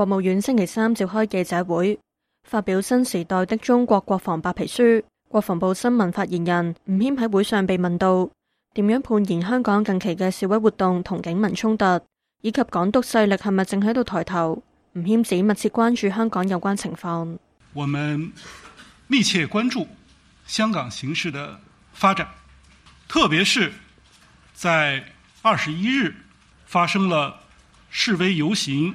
國務院星期三召開記者會，發表新時代的中國國防白皮書。國防部新聞發言人吳謙喺會上被問到，點樣判言香港近期嘅示威活動同警民衝突，以及港獨勢力係咪正喺度抬頭？吳謙指密切關注香港有關情況，我們密切關注香港形勢的發展，特別是在二十一日發生了示威遊行。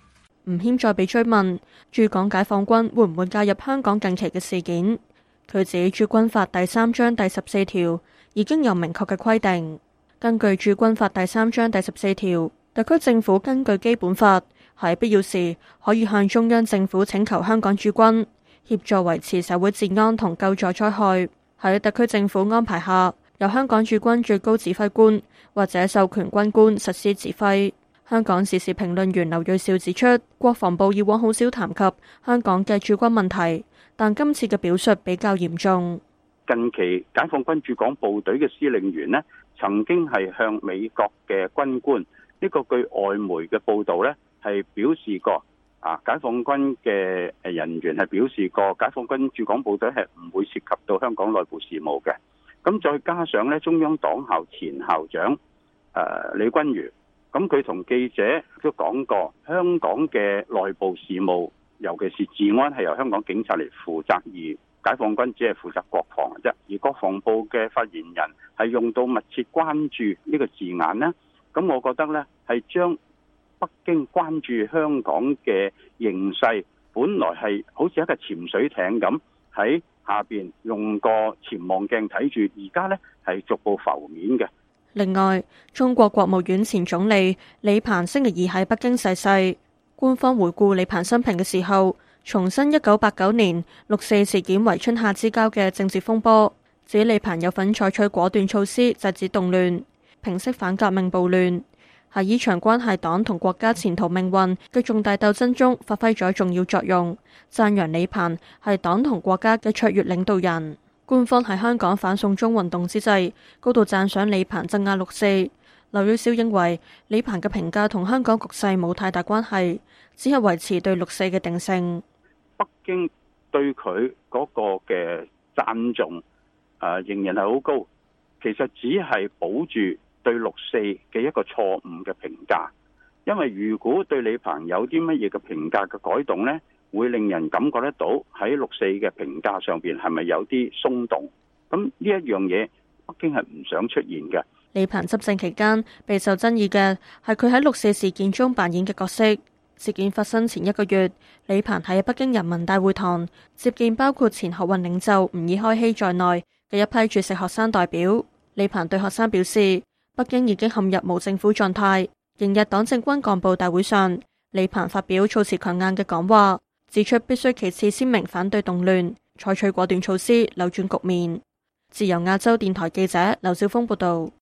吳謙再被追問駐港解放軍會唔會介入香港近期嘅事件，佢指駐軍法第三章第十四條已經有明確嘅規定。根據駐軍法第三章第十四條，特區政府根據基本法喺必要時可以向中央政府請求香港駐軍協助維持社會治安同救助災害。喺特區政府安排下，由香港駐軍最高指揮官或者授權軍官實施指揮。香港時事評論員劉瑞兆指出，國防部以往好少談及香港嘅駐軍問題，但今次嘅表述比較嚴重。近期解放軍駐港部隊嘅司令員呢，曾經係向美國嘅軍官，呢個據外媒嘅報道呢，係表示過啊，解放軍嘅人員係表示過，解放軍駐港部隊係唔會涉及到香港內部事務嘅。咁再加上呢，中央黨校前校長誒、呃、李君如。咁佢同記者都講過，香港嘅內部事務，尤其是治安，係由香港警察嚟負責，而解放軍只係負責國防啫。而國防部嘅發言人係用到密切關注呢個字眼咧，咁我覺得咧係將北京關注香港嘅形勢本來係好似一個潛水艇咁喺下邊用個潛望鏡睇住，而家咧係逐步浮面嘅。另外，中國國務院前總理李鵬星期二喺北京逝世，世。官方回顧李鵬生平嘅時候，重申一九八九年六四事件為春夏之交嘅政治風波，指李鵬有份採取果斷措施制止動亂，平息反革命暴亂，喺以場關係黨同國家前途命運嘅重大鬥爭中發揮咗重要作用，讚揚李鵬係黨同國家嘅卓越領導人。官方喺香港反送中運動之際，高度讚賞李鵬鎮壓六四。劉宇肖認為李鵬嘅評價同香港局勢冇太大關係，只係維持對六四嘅定性。北京對佢嗰個嘅讚重誒仍然係好高。其實只係保住對六四嘅一個錯誤嘅評價，因為如果對李鵬有啲乜嘢嘅評價嘅改動呢？會令人感覺得到喺六四嘅評價上邊係咪有啲鬆動？咁呢一樣嘢，北京係唔想出現嘅。李鵬執政期間備受爭議嘅係佢喺六四事件中扮演嘅角色。事件發生前一個月，李鵬喺北京人民大會堂接見包括前學運領袖吾爾開希在內嘅一批絕食學生代表。李鵬對學生表示：北京已經陷入無政府狀態。翌日，黨政軍幹部大會上，李鵬發表措辭強硬嘅講話。指出必須其次，鮮明反對動亂，採取果斷措施，扭轉局面。自由亞洲電台記者劉少峰報道。